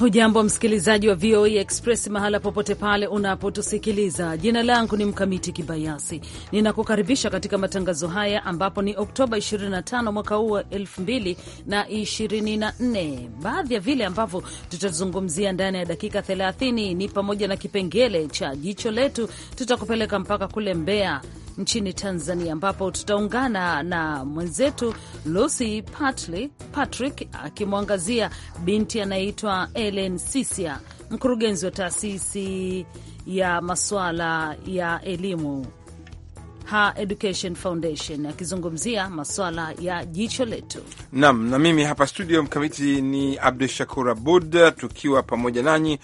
Hujambo msikilizaji wa VOA e Express mahala popote pale unapotusikiliza. Jina langu ni Mkamiti Kibayasi, ninakukaribisha katika matangazo haya ambapo ni Oktoba 25 mwaka huu wa 2024. Baadhi ya vile ambavyo tutazungumzia ndani ya dakika 30 ni pamoja na kipengele cha jicho letu, tutakupeleka mpaka kule Mbeya nchini Tanzania, ambapo tutaungana na mwenzetu Lucy Patrick, Patrick akimwangazia binti anayeitwa Ellen Sisia, mkurugenzi wa taasisi ya masuala ya elimu Ha Education Foundation akizungumzia maswala ya jicho letu. Naam, na mimi hapa studio mkamiti ni Abdu Shakur Abud, tukiwa pamoja nanyi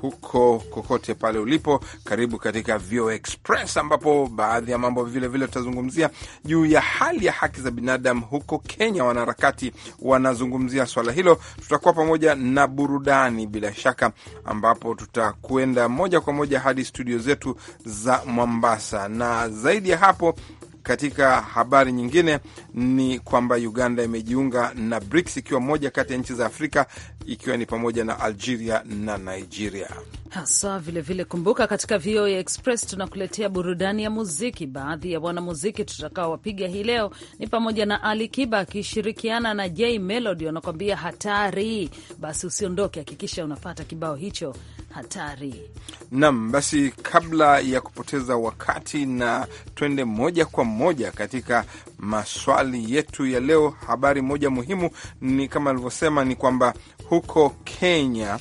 huko kokote pale ulipo, karibu katika VOA Express, ambapo baadhi ya mambo vilevile tutazungumzia vile juu ya hali ya haki za binadamu huko Kenya. Wanaharakati wanazungumzia swala hilo, tutakuwa pamoja na burudani bila shaka, ambapo tutakwenda moja kwa moja hadi studio zetu za Mombasa na zaidi ya hapo katika habari nyingine ni kwamba Uganda imejiunga na BRICS ikiwa moja kati ya nchi za Afrika ikiwa ni pamoja na Algeria na Nigeria haswa. Vilevile kumbuka, katika VOA Express tunakuletea burudani ya muziki. Baadhi ya wanamuziki tutakaowapiga hii leo ni pamoja na Ali Kiba akishirikiana na J Melody wanakuambia hatari. Basi usiondoke, hakikisha unapata kibao hicho hatari. Naam, basi kabla ya kupoteza wakati na twende moja kwa moja katika maswali yetu ya leo, habari moja muhimu ni kama alivyosema ni kwamba huko Kenya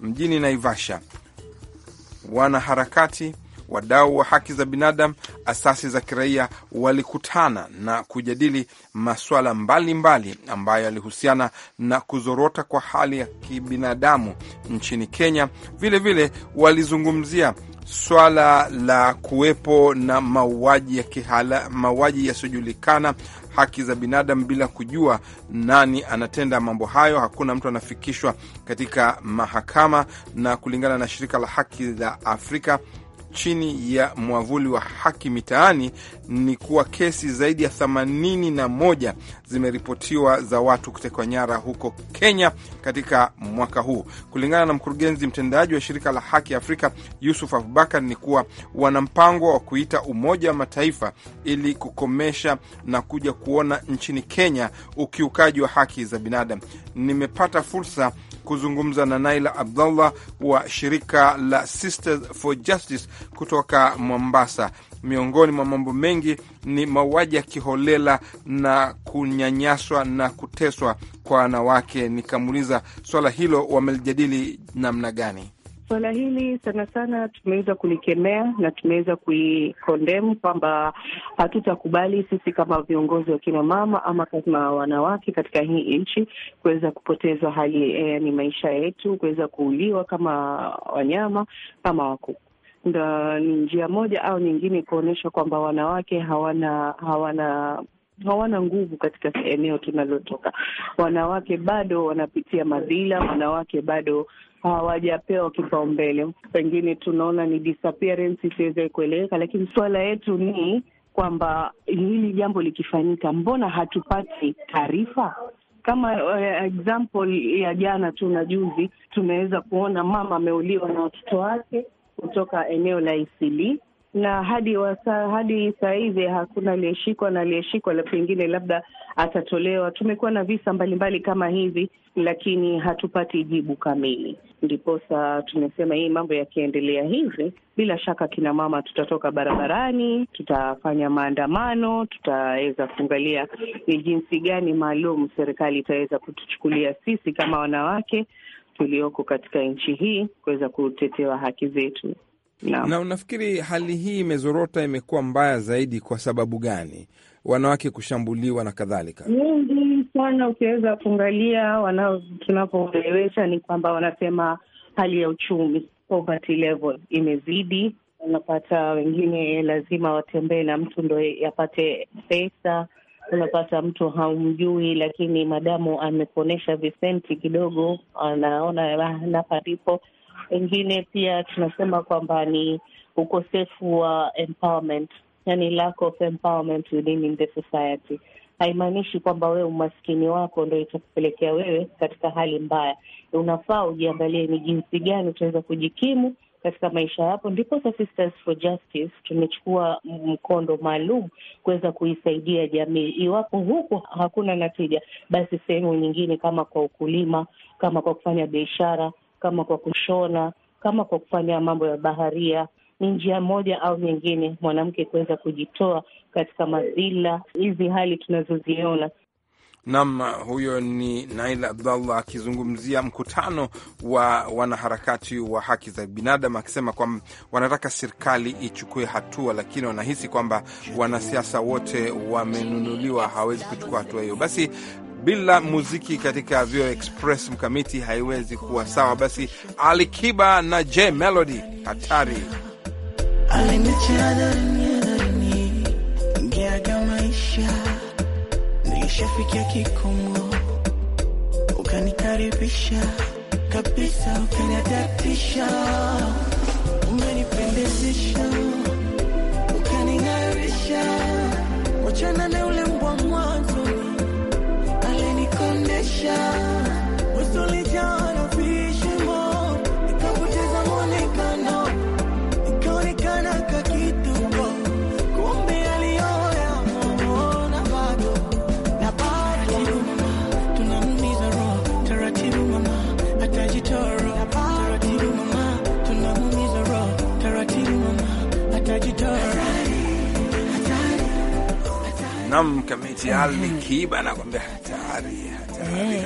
mjini Naivasha wanaharakati wadau wa haki za binadamu, asasi za kiraia walikutana na kujadili masuala mbalimbali ambayo yalihusiana na kuzorota kwa hali ya kibinadamu nchini Kenya. Vilevile vile walizungumzia swala la kuwepo na mauaji ya kihala, mauaji yasiyojulikana, haki za binadamu bila kujua nani anatenda mambo hayo. Hakuna mtu anafikishwa katika mahakama, na kulingana na shirika la haki za Afrika chini ya mwavuli wa Haki Mitaani ni kuwa kesi zaidi ya 81 zimeripotiwa za watu kutekwa nyara huko Kenya katika mwaka huu. Kulingana na mkurugenzi mtendaji wa shirika la Haki ya Afrika Yusuf Abubakar, ni kuwa wana mpango wa kuita Umoja wa Mataifa ili kukomesha na kuja kuona nchini Kenya ukiukaji wa haki za binadamu. Nimepata fursa kuzungumza na Naila Abdullah wa shirika la Sisters for Justice kutoka Mombasa miongoni mwa mambo mengi ni mauaji ya kiholela na kunyanyaswa na kuteswa kwa wanawake. Nikamuuliza swala hilo wamelijadili namna gani? Swala hili sana sana tumeweza kulikemea na tumeweza kuikondem kwamba hatutakubali sisi kama viongozi wa kina mama ama kama wanawake katika hii nchi kuweza kupotezwa hali, yaani maisha yetu, kuweza kuuliwa kama wanyama, kama wakuku ndo ni njia moja au nyingine kuonyesha kwamba wanawake hawana hawana hawana nguvu katika eneo tunalotoka. Wanawake bado wanapitia madhila, wanawake bado hawajapewa kipaumbele. Pengine tunaona ni disappearance isiweze kueleweka, lakini suala yetu ni kwamba hili jambo likifanyika, mbona hatupati taarifa? Kama uh, example ya jana tu na juzi, tumeweza kuona mama ameuliwa na watoto wake kutoka eneo la Isili na hadi wasa, hadi saa hivi hakuna aliyeshikwa na aliyeshikwa la pengine labda atatolewa. Tumekuwa na visa mbalimbali kama hivi, lakini hatupati jibu kamili, ndiposa tumesema hii mambo yakiendelea hivi, bila shaka kina mama tutatoka barabarani, tutafanya maandamano, tutaweza kuangalia ni jinsi gani maalum serikali itaweza kutuchukulia sisi kama wanawake tulioko katika nchi hii kuweza kutetewa haki zetu. Na unafikiri hali hii imezorota, imekuwa mbaya zaidi kwa sababu gani? Wanawake kushambuliwa na kadhalika nyingi sana. Ukiweza kuangalia tunapoelewesha ni kwamba wanasema hali ya uchumi, poverty level imezidi. Unapata wengine lazima watembee na mtu ndo yapate pesa unapata mtu haumjui, lakini madamu amekuonyesha visenti kidogo, anaona napa ah, ndipo. Wengine pia tunasema kwamba ni ukosefu wa empowerment, yani lack of empowerment within the society. Haimaanishi kwamba wewe umaskini wako ndo itakupelekea wewe katika hali mbaya. Unafaa ujiangalie ni jinsi gani utaweza kujikimu katika maisha yapo, ndipo Sisters for Justice tumechukua mkondo maalum kuweza kuisaidia jamii. Iwapo huku hakuna natija, basi sehemu nyingine kama kwa ukulima, kama kwa kufanya biashara, kama kwa kushona, kama kwa kufanya mambo ya baharia ni njia moja au nyingine mwanamke kuweza kujitoa katika madhila hizi hali tunazoziona Nam, huyo ni Nail Abdallah akizungumzia mkutano wa wanaharakati wa haki za binadamu, akisema kwamba wanataka serikali ichukue hatua, lakini wanahisi kwamba wanasiasa wote wamenunuliwa, hawezi kuchukua hatua hiyo. Basi bila muziki katika Vio Express mkamiti haiwezi kuwa sawa. Basi Ali Kiba na J Melody hatari Shafikia kikomo, ukanikaribisha kabisa, ukanidadisha, umenipendezesha, ukaningarisha, wachana na ule mbwa mwanzo alinikondesha gazeti Aldi Kiba nakwambia hatari, hatari, eh.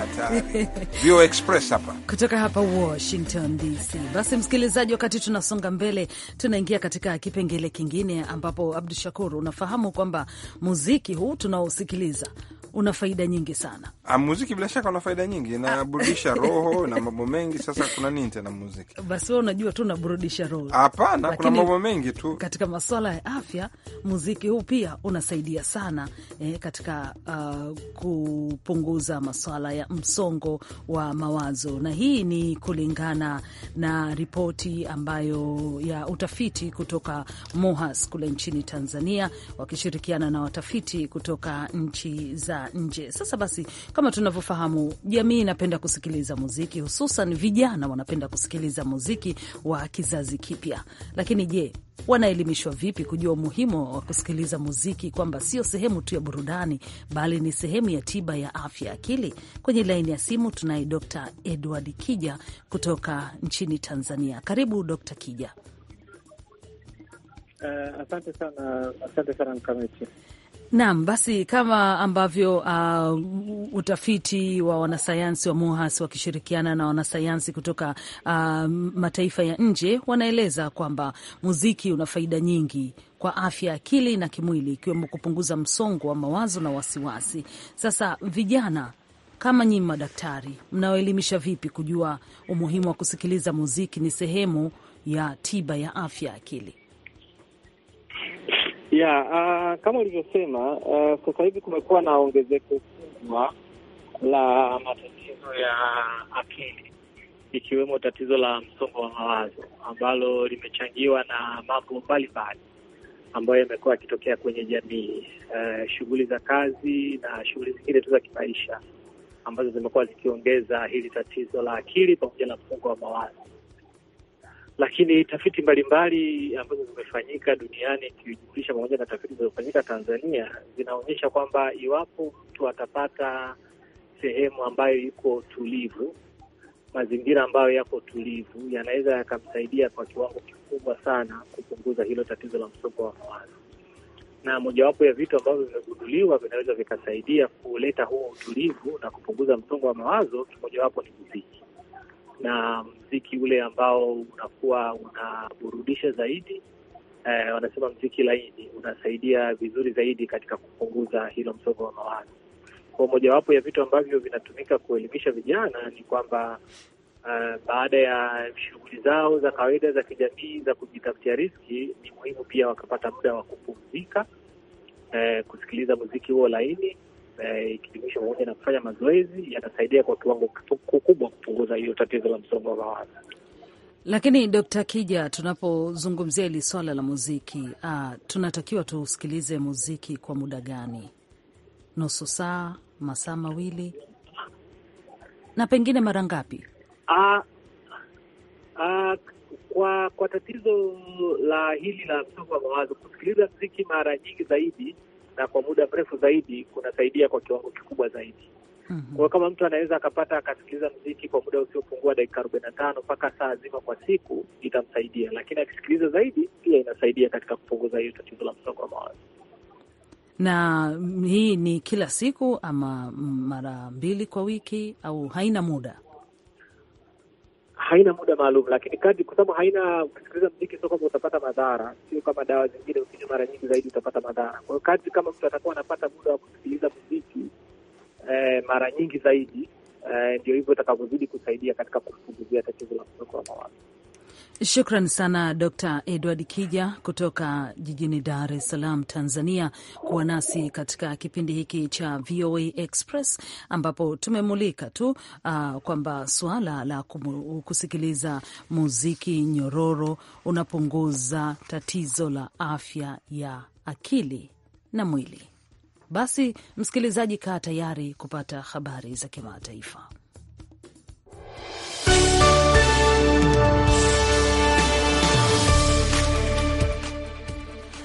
hatari. Express hapa kutoka hapa Washington DC. Basi msikilizaji, wakati tunasonga mbele, tunaingia katika kipengele kingine ambapo Abdu Shakur, unafahamu kwamba muziki huu tunaosikiliza una faida nyingi sana. A, ah, muziki bila shaka una faida nyingi, ah. inaburudisha roho na mambo mengi. Sasa kuna nini tena muziki? Basi we unajua tu unaburudisha roho? Hapana, kuna mambo mengi tu katika maswala ya afya. Muziki huu pia unasaidia sana eh, katika uh, kupunguza maswala ya msongo wa mawazo, na hii ni kulingana na ripoti ambayo ya utafiti kutoka MUHAS kule nchini Tanzania wakishirikiana na watafiti kutoka nchi za nje. Sasa basi, kama tunavyofahamu, jamii inapenda kusikiliza muziki, hususan vijana wanapenda kusikiliza muziki wa kizazi kipya. Lakini je, wanaelimishwa vipi kujua umuhimu wa kusikiliza muziki, kwamba sio sehemu tu ya burudani, bali ni sehemu ya tiba ya afya ya akili? Kwenye laini ya simu tunaye Dr. Edward Kija kutoka nchini Tanzania. Karibu Dr. Kija. Uh, asante sana, asante sana mkamiti. Naam, basi kama ambavyo uh, utafiti wa wanasayansi wa MUHAS wakishirikiana na wanasayansi kutoka uh, mataifa ya nje wanaeleza kwamba muziki una faida nyingi kwa afya ya akili na kimwili, ikiwemo kupunguza msongo wa mawazo na wasiwasi. Sasa vijana kama nyinyi madaktari, mnaoelimisha vipi kujua umuhimu wa kusikiliza muziki ni sehemu ya tiba ya afya ya akili? Yeah, uh, kama ulivyosema uh, sasa hivi kumekuwa na ongezeko kubwa la matatizo ya akili ikiwemo tatizo la msongo wa mawazo ambalo limechangiwa na mambo mbalimbali ambayo yamekuwa yakitokea kwenye jamii, uh, shughuli za kazi na shughuli zingine tu za kimaisha ambazo zimekuwa zikiongeza hili tatizo la akili pamoja na msongo wa mawazo lakini tafiti mbalimbali ambazo zimefanyika duniani ikijumulisha pamoja na tafiti zilizofanyika Tanzania zinaonyesha kwamba iwapo mtu atapata sehemu ambayo iko tulivu, mazingira ambayo yako tulivu yanaweza yakamsaidia kwa kiwango kikubwa sana kupunguza hilo tatizo la msongo wa mawazo. Na mojawapo ya vitu ambavyo vimegunduliwa vinaweza vikasaidia kuleta huo utulivu na kupunguza msongo wa mawazo, kimojawapo ni muziki na mziki ule ambao unakuwa unaburudisha zaidi. Eh, wanasema mziki laini unasaidia vizuri zaidi katika kupunguza hilo msongo wa mawazo. Kwa mojawapo ya vitu ambavyo vinatumika kuelimisha vijana ni kwamba Uh, baada ya shughuli zao za kawaida za kijamii za kujitafutia riski, ni muhimu pia wakapata muda wa kupumzika, uh, kusikiliza muziki huo laini ikijumisha eh, pamoja na kufanya mazoezi yanasaidia kwa kiwango kikubwa kupunguza hiyo tatizo la msongo wa mawazo. Lakini Dkt. Kija, tunapozungumzia hili swala la muziki ah, tunatakiwa tusikilize muziki kwa muda gani? Nusu saa, masaa mawili, na pengine mara ngapi? ah, ah, kwa kwa tatizo la hili la msongo wa mawazo, kusikiliza muziki mara nyingi zaidi na kwa muda mrefu zaidi kunasaidia kwa kiwango kikubwa zaidi. Mm -hmm. Kwa kama mtu anaweza akapata akasikiliza mziki kwa muda usiopungua dakika arobaini na tano mpaka saa zima kwa siku itamsaidia, lakini akisikiliza zaidi pia inasaidia katika kupunguza hiyo tatizo la msongo wa mawazo. Na hii ni kila siku ama mara mbili kwa wiki au haina muda? haina muda maalum, lakini kadri, kwa sababu haina, ukisikiliza mziki sio kwamba utapata madhara, sio kama dawa zingine, ukinywa mara nyingi zaidi utapata madhara. Kwa hiyo kadri kama mtu atakuwa anapata muda wa kusikiliza mziki eh, mara nyingi zaidi, eh, ndio eh, hivyo itakavyozidi kusaidia katika kumpunguzia tatizo la msongo wa mawazo. Shukran sana Dr Edward Kija kutoka jijini Dar es Salaam, Tanzania, kuwa nasi katika kipindi hiki cha VOA Express ambapo tumemulika tu uh, kwamba suala la kusikiliza muziki nyororo unapunguza tatizo la afya ya akili na mwili. Basi msikilizaji, kaa tayari kupata habari za kimataifa.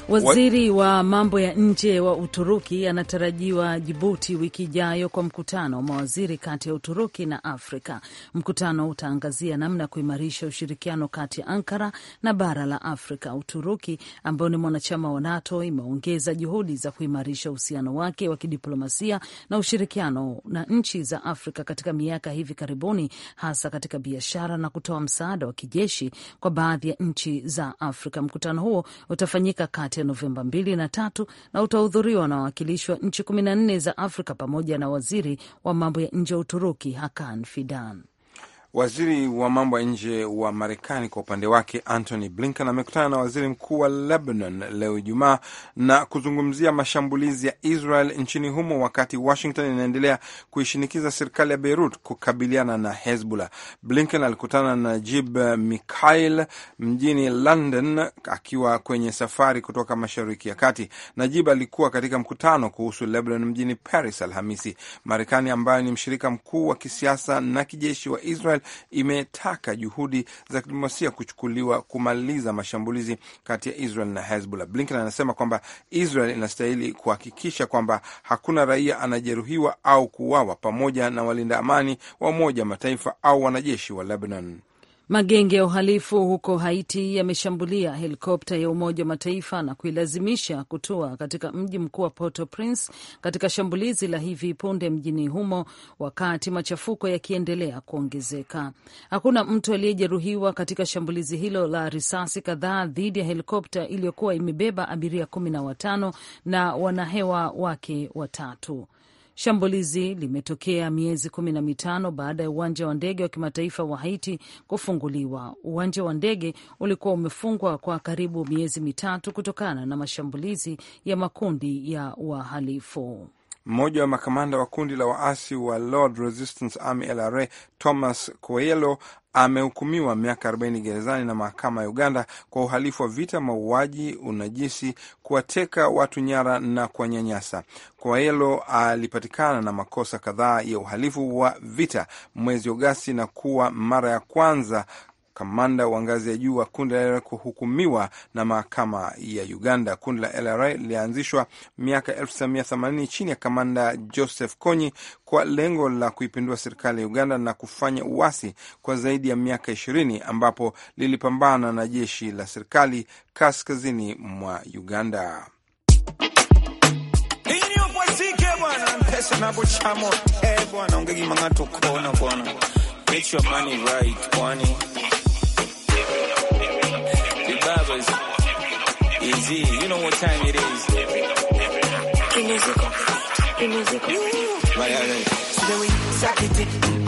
Waziri wa mambo ya nje wa Uturuki anatarajiwa Jibuti wiki ijayo kwa mkutano wa mawaziri kati ya Uturuki na Afrika. Mkutano utaangazia namna ya kuimarisha ushirikiano kati ya Ankara na bara la Afrika. Uturuki ambayo ni mwanachama wa NATO imeongeza juhudi za kuimarisha uhusiano wake wa kidiplomasia na ushirikiano na nchi za Afrika katika miaka hivi karibuni, hasa katika biashara na kutoa msaada wa kijeshi kwa baadhi ya nchi za Afrika. Mkutano huo utafanyika kati ya Novemba mbili na tatu na utahudhuriwa na wawakilishi wa nchi kumi na nne za Afrika pamoja na waziri wa mambo ya nje ya Uturuki Hakan Fidan. Waziri wa mambo ya nje wa Marekani kwa upande wake Antony Blinken amekutana na waziri mkuu wa Lebanon leo Ijumaa na kuzungumzia mashambulizi ya Israel nchini humo, wakati Washington inaendelea kuishinikiza serikali ya Beirut kukabiliana na Hezbollah. Blinken alikutana na Najib Mikhail mjini London akiwa kwenye safari kutoka Mashariki ya Kati. Najib alikuwa katika mkutano kuhusu Lebanon mjini Paris Alhamisi. Marekani ambayo ni mshirika mkuu wa kisiasa na kijeshi wa Israel imetaka juhudi za kidiplomasia kuchukuliwa kumaliza mashambulizi kati ya Israel na Hezbollah. Blinken anasema kwamba Israel inastahili kuhakikisha kwamba hakuna raia anajeruhiwa au kuuawa, pamoja na walinda amani wa Umoja wa Mataifa au wanajeshi wa Lebanon. Magenge ya uhalifu huko Haiti yameshambulia helikopta ya Umoja wa Mataifa na kuilazimisha kutua katika mji mkuu wa porto prince katika shambulizi la hivi punde mjini humo, wakati machafuko yakiendelea kuongezeka. Hakuna mtu aliyejeruhiwa katika shambulizi hilo la risasi kadhaa dhidi ya helikopta iliyokuwa imebeba abiria kumi na watano na wanahewa wake watatu. Shambulizi limetokea miezi kumi na mitano baada ya uwanja wa ndege wa kimataifa wa Haiti kufunguliwa. Uwanja wa ndege ulikuwa umefungwa kwa karibu miezi mitatu kutokana na mashambulizi ya makundi ya wahalifu. Mmoja wa makamanda wa kundi la waasi wa Lord Resistance Army LRA Thomas Coelho amehukumiwa miaka 40 gerezani na mahakama ya Uganda kwa uhalifu wa vita, mauaji, unajisi, kuwateka watu nyara na kuwanyanyasa. Kwaelo alipatikana na makosa kadhaa ya uhalifu wa vita mwezi Agosti na kuwa mara ya kwanza kamanda wa ngazi ya juu wa kundi la LRA kuhukumiwa na mahakama ya Uganda. Kundi la LRA lilianzishwa miaka 1980 chini ya kamanda Joseph Konyi kwa lengo la kuipindua serikali ya Uganda na kufanya uasi kwa zaidi ya miaka ishirini, ambapo lilipambana na jeshi la serikali kaskazini mwa Uganda boys. Easy, you know what time it is.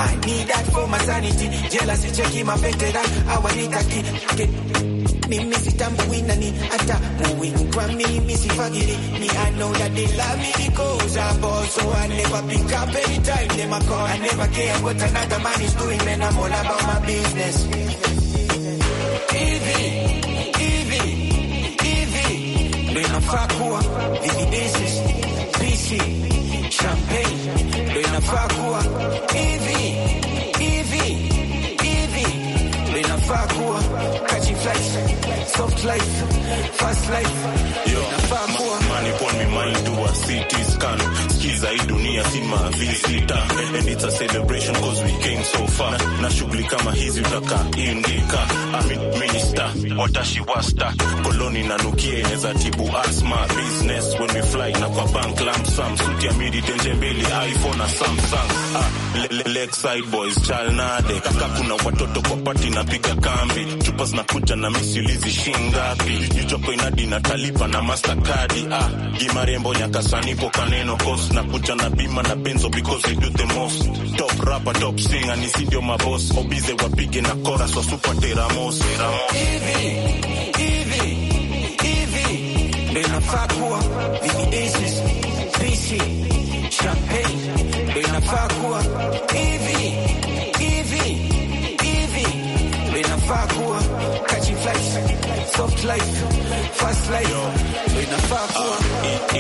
I need that for my sanity. Jealousy cheki mapetera awanitaki mimi sitambui nani hata muwini kwa mimi sifagiri me I know that they love me because I'm boss so I never pick up anytime they my call I never care what another man is doing man I'm all about my business soft life, fast life. Yo, money upon me, money do. CT scan. Sikiza hii dunia sima visita. And it's a celebration cause we came so far. Na shughuli kama hizi utaka indika. Amit minister, watashi wasta. Koloni na nukia inaweza tibu asma. Business when we fly na kwa bank lamp sam. Suti ya midi tenje mbili iPhone na Samsung. Ah, Lakeside boys chalnade. Kaka kuna watoto kwa pati na piga kambi. Chupa zinakuja na misiulizi shingapi. Yuchoko inadi na talipa na mastercard. Ah, gimarembo nyaka darasani ipo kaneno course na kucha na bima na benzo because they do the most top rapper top singer ni si ndio maboss obize wapige na kora so super teramos hivi hivi hivi ndio inafaa kuwa vigidesis pisi champagne ndio inafaa kuwa hivi hivi hivi ndio inafaa kuwa life, ndo inafaa kuwa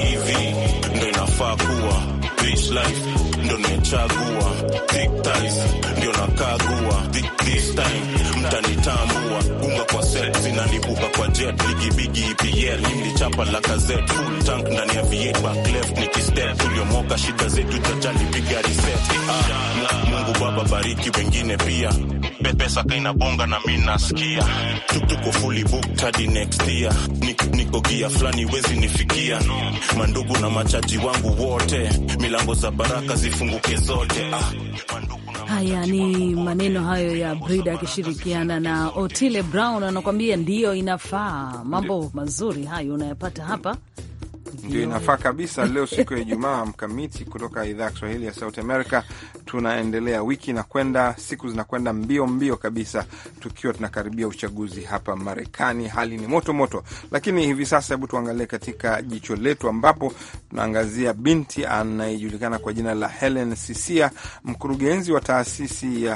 hivi, ndo life, ndo nimechagua thick ties, ndio nakagua this time, mtanitambua unga kwa set zinanibuka kwa jet ligibigi EPL nilichapa la gazette full tank ndani ya V8 back left nikistep tuliomoka shida zetu jajali piga reset. Ah, Mungu Baba bariki wengine pia pesa kaina bonga na mi nasikia tuko fully booked hadi next year, niko gia flani wezi nifikia, mandugu na machaji wangu wote, milango za baraka zifunguke zote. Ah, Haya ni maneno hayo ya Brida akishirikiana na Otile Brown, anakuambia ndiyo inafaa. Mambo mazuri hayo unayapata hapa ndio inafaa kabisa. Leo siku ya Ijumaa mkamiti kutoka idhaa ya Kiswahili ya Sauti Amerika. Tunaendelea wiki inakwenda, siku zinakwenda mbio mbio kabisa, tukiwa tunakaribia uchaguzi hapa Marekani. Hali ni moto moto, lakini hivi sasa, hebu tuangalie katika jicho letu, ambapo tunaangazia binti anayejulikana kwa jina la Helen Sisia, mkurugenzi wa taasisi ya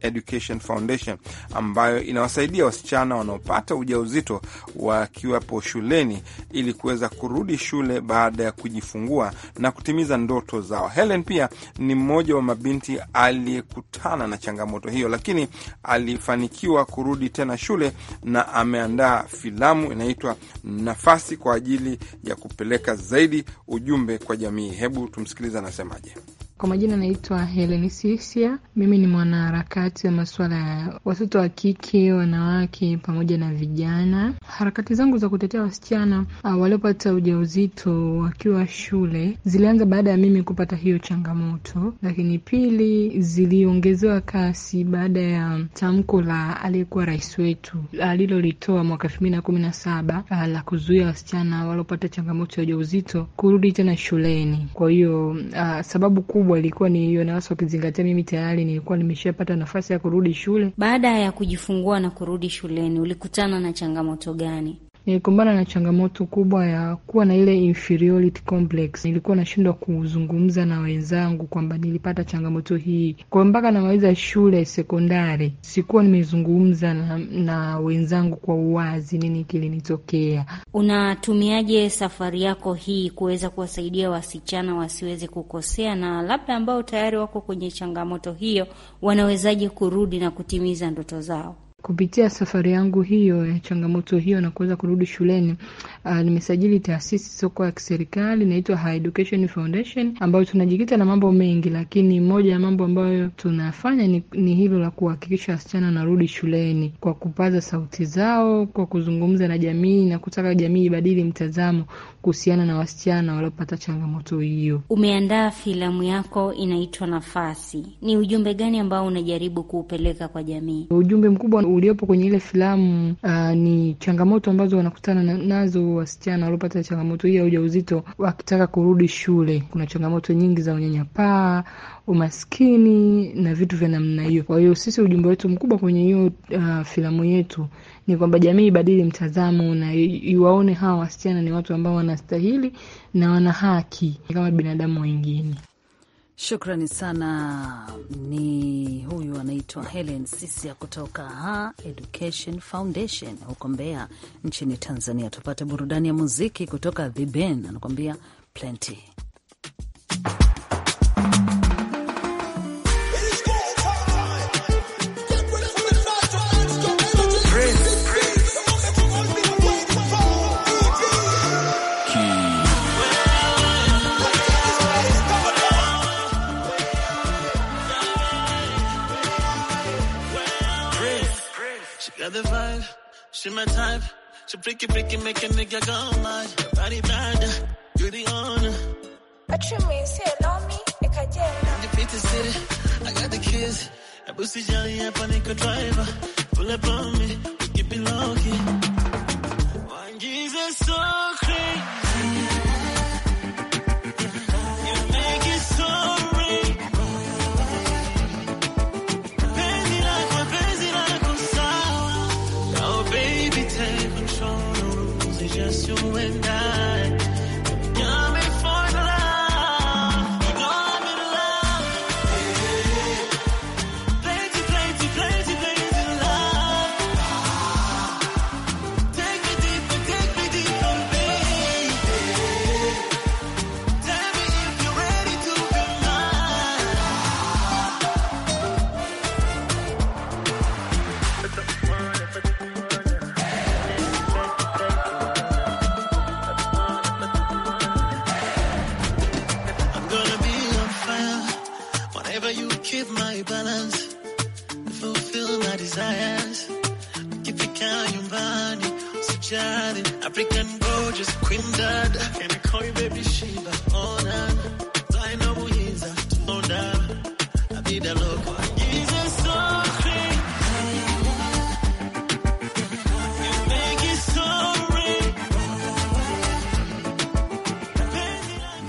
Education Foundation ambayo inawasaidia wasichana wanaopata ujauzito wakiwapo shuleni ili kuweza kurudi shule baada ya kujifungua na kutimiza ndoto zao. Helen pia ni mmoja wa mabinti aliyekutana na changamoto hiyo, lakini alifanikiwa kurudi tena shule na ameandaa filamu inaitwa Nafasi kwa ajili ya kupeleka zaidi ujumbe kwa jamii. Hebu tumsikilize anasemaje. Kwa majina naitwa Helen Sisia. Mimi ni mwanaharakati wa masuala ya watoto wa kike, wanawake pamoja na vijana. Harakati zangu za kutetea wasichana ah, waliopata ujauzito wakiwa shule zilianza baada ya mimi kupata hiyo changamoto, lakini pili, ziliongezewa kasi baada ya tamko la aliyekuwa rais wetu ah, alilolitoa mwaka elfu mbili na kumi na saba ah, la kuzuia wasichana waliopata changamoto ya ujauzito kurudi tena shuleni. Kwa hiyo sababu kubwa kubwa ilikuwa ni hiyo, na hasa ukizingatia mimi tayari nilikuwa nimeshapata nafasi ya kurudi shule. Baada ya kujifungua na kurudi shuleni, ulikutana na changamoto gani? nilikumbana na changamoto kubwa ya kuwa na ile inferiority complex. Nilikuwa nashindwa kuzungumza na wenzangu kwamba nilipata changamoto hii, kwa mpaka namaliza shule sekondari sikuwa nimezungumza na, na wenzangu kwa uwazi nini kilinitokea. Unatumiaje safari yako hii kuweza kuwasaidia wasichana wasiweze kukosea, na labda ambao tayari wako kwenye changamoto hiyo, wanawezaje kurudi na kutimiza ndoto zao? Kupitia safari yangu hiyo ya changamoto hiyo na kuweza kurudi shuleni, uh, nimesajili taasisi soko ya kiserikali inaitwa High Education Foundation ambayo tunajikita na mambo mengi, lakini moja ya mambo ambayo tunafanya ni, ni hilo la kuhakikisha wasichana wanarudi shuleni kwa kupaza sauti zao, kwa kuzungumza na jamii na kutaka jamii ibadili mtazamo kuhusiana na wasichana waliopata changamoto hiyo. Umeandaa filamu yako inaitwa Nafasi, ni ujumbe gani ambao unajaribu kuupeleka kwa jamii? Ujumbe mkubwa uliopo kwenye ile filamu uh, ni changamoto ambazo wanakutana na, nazo wasichana waliopata changamoto hiyo ya ujauzito wakitaka kurudi shule. Kuna changamoto nyingi za unyanyapaa umaskini na vitu vya namna hiyo. Kwa hiyo sisi, ujumbe wetu mkubwa kwenye hiyo uh, filamu yetu ni kwamba jamii ibadili mtazamo na iwaone hawa wasichana ni watu ambao wanastahili na wana haki kama binadamu wengine. Shukrani sana. Ni huyu anaitwa Helen Sisia kutoka Ha Education Foundation huko Mbeya nchini Tanzania. Tupate burudani ya muziki kutoka Ben anakuambia Plenty. She my type. She freaky, freaky, make a nigga go mad. Body bad, you the owner. But you mean, say love me, like I did. I'm the pretty city, I got the keys. I boost the jelly up, I need a driver. Pull up on me, we keep it low key. African gorgeous queen dad. Can I call you baby Sheba? Oh, nah. years Muhiza. Oh, nah. I be the local.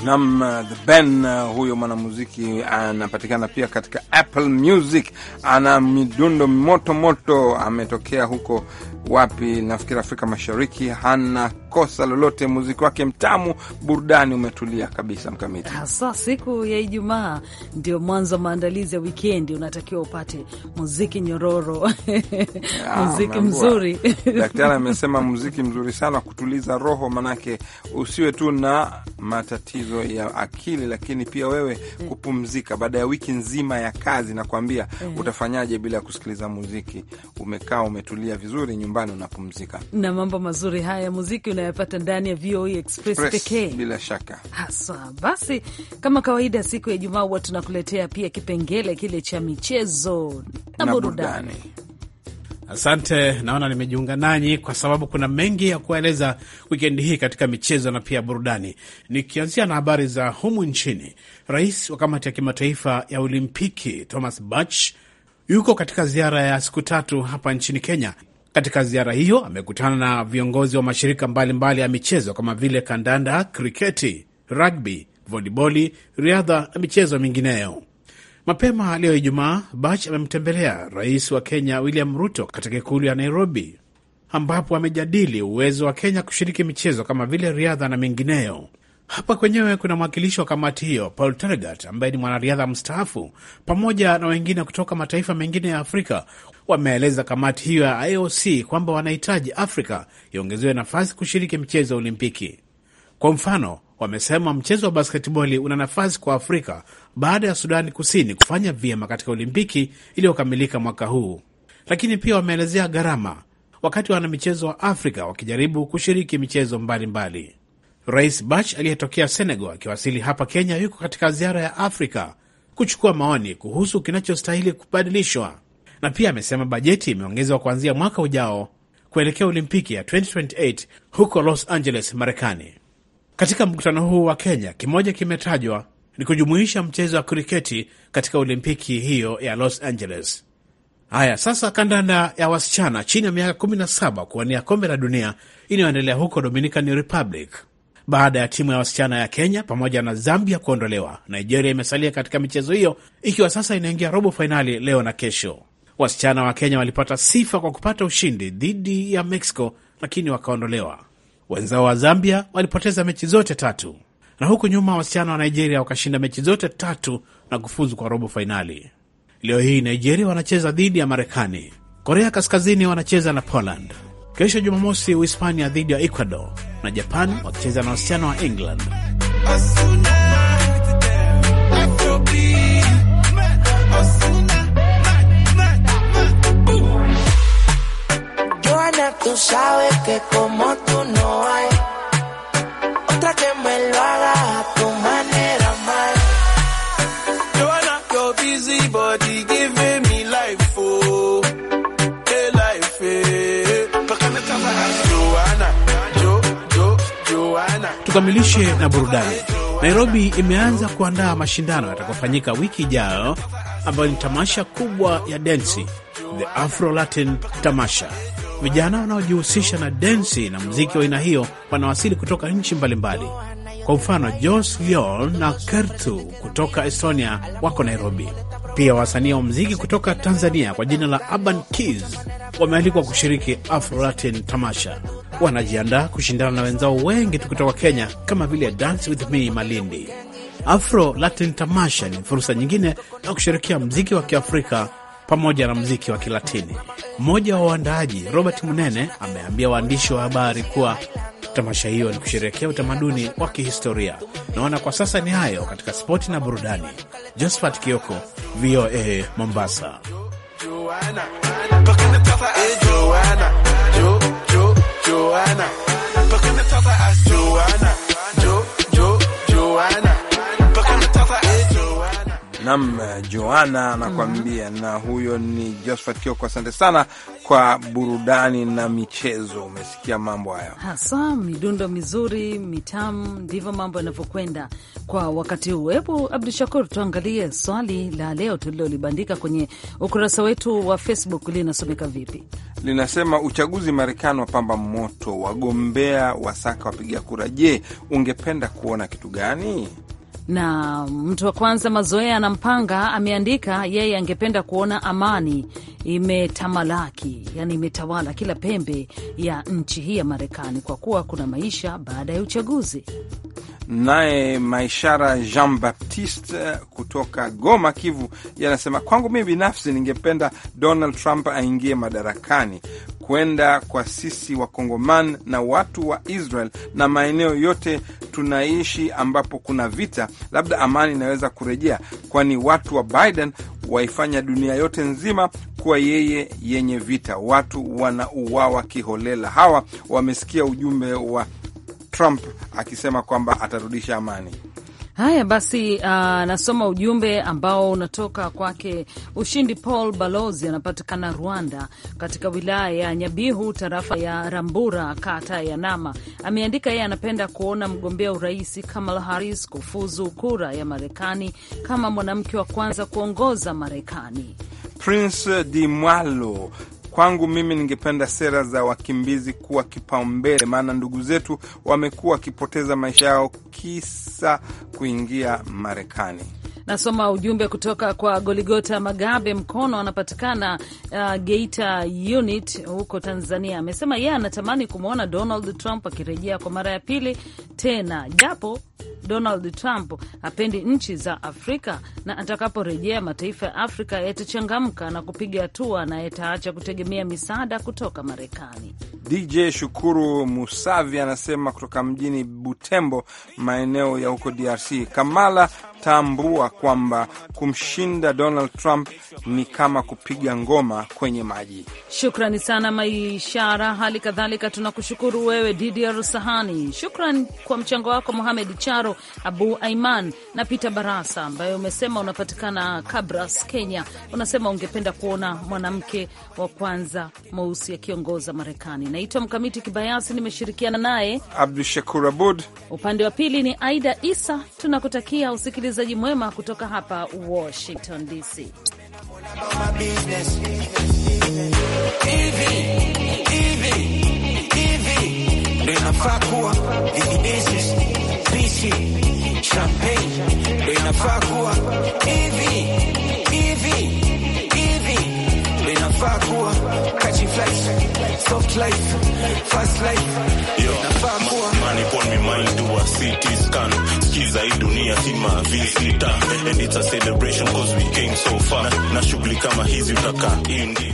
Nam uh, the Ben uh, huyo mwanamuziki anapatikana pia katika Apple Music, ana midundo moto moto, ametokea huko wapi, nafikiri Afrika Mashariki hana kosa lolote. Muziki wake mtamu, burudani, umetulia kabisa mkamiti. Hasa siku ya Ijumaa ndio mwanzo wa maandalizi ya wikendi, unatakiwa upate muziki nyororo ya, ah, muziki mzuri daktari amesema muziki mzuri sana kutuliza roho, manake usiwe tu na matatizo ya akili, lakini pia wewe eh. kupumzika baada ya wiki nzima ya kazi. Nakwambia eh. utafanyaje bila ya kusikiliza muziki? Umekaa umetulia vizuri nyumbani nyumbani unapumzika. Na mambo mazuri haya ya muziki unayopata ndani ya VOA e Express pekee, bila shaka haswa. Basi kama kawaida, siku ya Ijumaa huwa tunakuletea pia kipengele kile cha michezo na, na burudani. Asante, naona nimejiunga nanyi kwa sababu kuna mengi ya kueleza wikendi hii katika michezo na pia burudani, nikianzia na habari za humu nchini. Rais wa kamati ya kimataifa ya Olimpiki Thomas Bach yuko katika ziara ya siku tatu hapa nchini Kenya katika ziara hiyo amekutana na viongozi wa mashirika mbalimbali mbali ya michezo kama vile kandanda, kriketi, ragbi, voliboli, riadha na michezo mingineyo. Mapema leo Ijumaa, Bach amemtembelea rais wa Kenya William Ruto katika ikulu ya Nairobi, ambapo amejadili uwezo wa Kenya kushiriki michezo kama vile riadha na mengineyo. Hapa kwenyewe kuna mwakilishi wa kamati hiyo Paul Tergat ambaye ni mwanariadha mstaafu, pamoja na wengine kutoka mataifa mengine ya Afrika wameeleza kamati hiyo ya IOC kwamba wanahitaji Afrika iongezewe nafasi kushiriki michezo ya Olimpiki. Kwa mfano, wamesema mchezo wa basketboli una nafasi kwa Afrika baada ya Sudani Kusini kufanya vyema katika Olimpiki iliyokamilika mwaka huu. Lakini pia wameelezea gharama wakati michezo wa Afrika wakijaribu kushiriki michezo mbalimbali Rais Bach aliyetokea Senegal akiwasili hapa Kenya yuko katika ziara ya Afrika kuchukua maoni kuhusu kinachostahili kubadilishwa na pia amesema bajeti imeongezwa kuanzia mwaka ujao kuelekea Olimpiki ya 2028 huko Los Angeles, Marekani. Katika mkutano huu wa Kenya, kimoja kimetajwa ni kujumuisha mchezo wa kriketi katika Olimpiki hiyo ya Los Angeles. Haya, sasa kandanda ya wasichana chini ya miaka 17 kuwania kombe la dunia inayoendelea huko Dominican Republic. Baada ya timu ya wasichana ya Kenya pamoja na Zambia kuondolewa, Nigeria imesalia katika michezo hiyo ikiwa sasa inaingia robo fainali leo na kesho. Wasichana wa Kenya walipata sifa kwa kupata ushindi dhidi ya Mexico, lakini wakaondolewa. Wenzao wa Zambia walipoteza mechi zote tatu, na huku nyuma wasichana wa Nigeria wakashinda mechi zote tatu na kufuzu kwa robo fainali. Leo hii Nigeria wanacheza dhidi ya Marekani, Korea Kaskazini wanacheza na Poland, kesho Jumamosi Uhispania dhidi ya Ecuador na Japan wakicheza na wasichana wa England. tú sabes que como tú no hay otra que me lo haga a tu manera mal. Joanna, your busy body giving me life, oh, hey life, eh. hey. Joanna, Jo, Jo, Joanna. Tukamilishe na burudani. Nairobi imeanza kuandaa mashindano yatakayofanyika wiki ijayo ambayo ni tamasha kubwa ya densi, the Afro Latin Tamasha. Vijana wanaojihusisha na densi na muziki wa aina hiyo wanawasili kutoka nchi mbalimbali. Kwa mfano, Jos Liol na Kertu kutoka Estonia wako Nairobi. Pia wasanii wa muziki kutoka Tanzania kwa jina la Urban kis wamealikwa kushiriki Afro Latin tamasha. Wanajiandaa kushindana na wenzao wengi tu kutoka Kenya kama vile Dance With Me Malindi. Afro Latin tamasha ni fursa nyingine ya kusherekea mziki wa Kiafrika pamoja na mziki wa Kilatini. Mmoja wa waandaaji Robert Munene ameambia waandishi wa habari kuwa tamasha hiyo ni kusherehekea utamaduni wa kihistoria. Naona kwa sasa ni hayo katika spoti na burudani. Josephat Kioko, VOA Mombasa. Joanna, Joanna, Joanna, Joanna. Nam eh, Joana anakuambia mm -hmm. Na huyo ni Josphat Kioko. Asante sana kwa burudani na michezo. Umesikia mambo hayo hasa midundo mizuri mitamu, ndivyo mambo yanavyokwenda kwa wakati huu. Hebu Abdu Shakur, tuangalie swali la leo tulilolibandika kwenye ukurasa wetu wa Facebook. Linasomeka vipi? Linasema, uchaguzi Marekani wapamba moto, wagombea wasaka wapiga kura. Je, ungependa kuona kitu gani? na mtu wa kwanza Mazoea na Mpanga ameandika yeye angependa kuona amani imetamalaki, yani imetawala kila pembe ya nchi hii ya Marekani, kwa kuwa kuna maisha baada ya uchaguzi. Naye Maishara Jean Baptiste eh, kutoka Goma, Kivu, yanasema kwangu mimi binafsi ningependa Donald Trump aingie madarakani kwenda kwa sisi Wakongoman na watu wa Israel na maeneo yote tunaishi ambapo kuna vita, labda amani inaweza kurejea, kwani watu wa Biden waifanya dunia yote nzima kuwa yeye yenye vita. Watu wanauawa kiholela. Hawa wamesikia ujumbe wa Trump akisema kwamba atarudisha amani. Haya basi, uh, nasoma ujumbe ambao unatoka kwake Ushindi Paul Balozi, anapatikana Rwanda, katika wilaya ya Nyabihu, tarafa ya Rambura, kata ya Nama. Ameandika yeye anapenda kuona mgombea urais Kamala Harris kufuzu kura ya Marekani kama mwanamke wa kwanza kuongoza Marekani. Prince Di Mwalo Kwangu mimi, ningependa sera za wakimbizi kuwa kipaumbele, maana ndugu zetu wamekuwa wakipoteza maisha yao kisa kuingia Marekani. Nasoma ujumbe kutoka kwa Goligota Magabe Mkono, anapatikana uh, Geita unit huko Tanzania. Amesema yeye anatamani kumwona Donald Trump akirejea kwa mara ya pili tena, japo Donald Trump hapendi nchi za Afrika na atakaporejea mataifa ya Afrika yatachangamka na kupiga hatua na yataacha kutegemea misaada kutoka Marekani. DJ Shukuru Musavi anasema kutoka mjini Butembo, maeneo ya huko DRC. Kamala, tambua kwamba kumshinda Donald Trump ni kama kupiga ngoma kwenye maji. Shukrani sana Maishara. Hali kadhalika tunakushukuru wewe Didier Sahani, shukran kwa mchango wako Ch Kicharo, Abu Aiman na Peter Barasa, ambaye umesema unapatikana Kabras, Kenya. Unasema ungependa kuona mwanamke wa kwanza mweusi akiongoza Marekani. Naitwa Mkamiti Kibayasi, nimeshirikiana naye Abdu Shakur Abud. Upande wa pili ni Aida Isa. Tunakutakia usikilizaji mwema kutoka hapa Washington DC pishi, champagne ndio inafaa kuwa hivi hivi hivi, inafaa kuwa catchy life, soft life, fast life, inafaa kuwa money on my mind do a CT scan, sikiza hii dunia sima visita, and it's a celebration cause we came so far, na shughuli kama hizi utakaa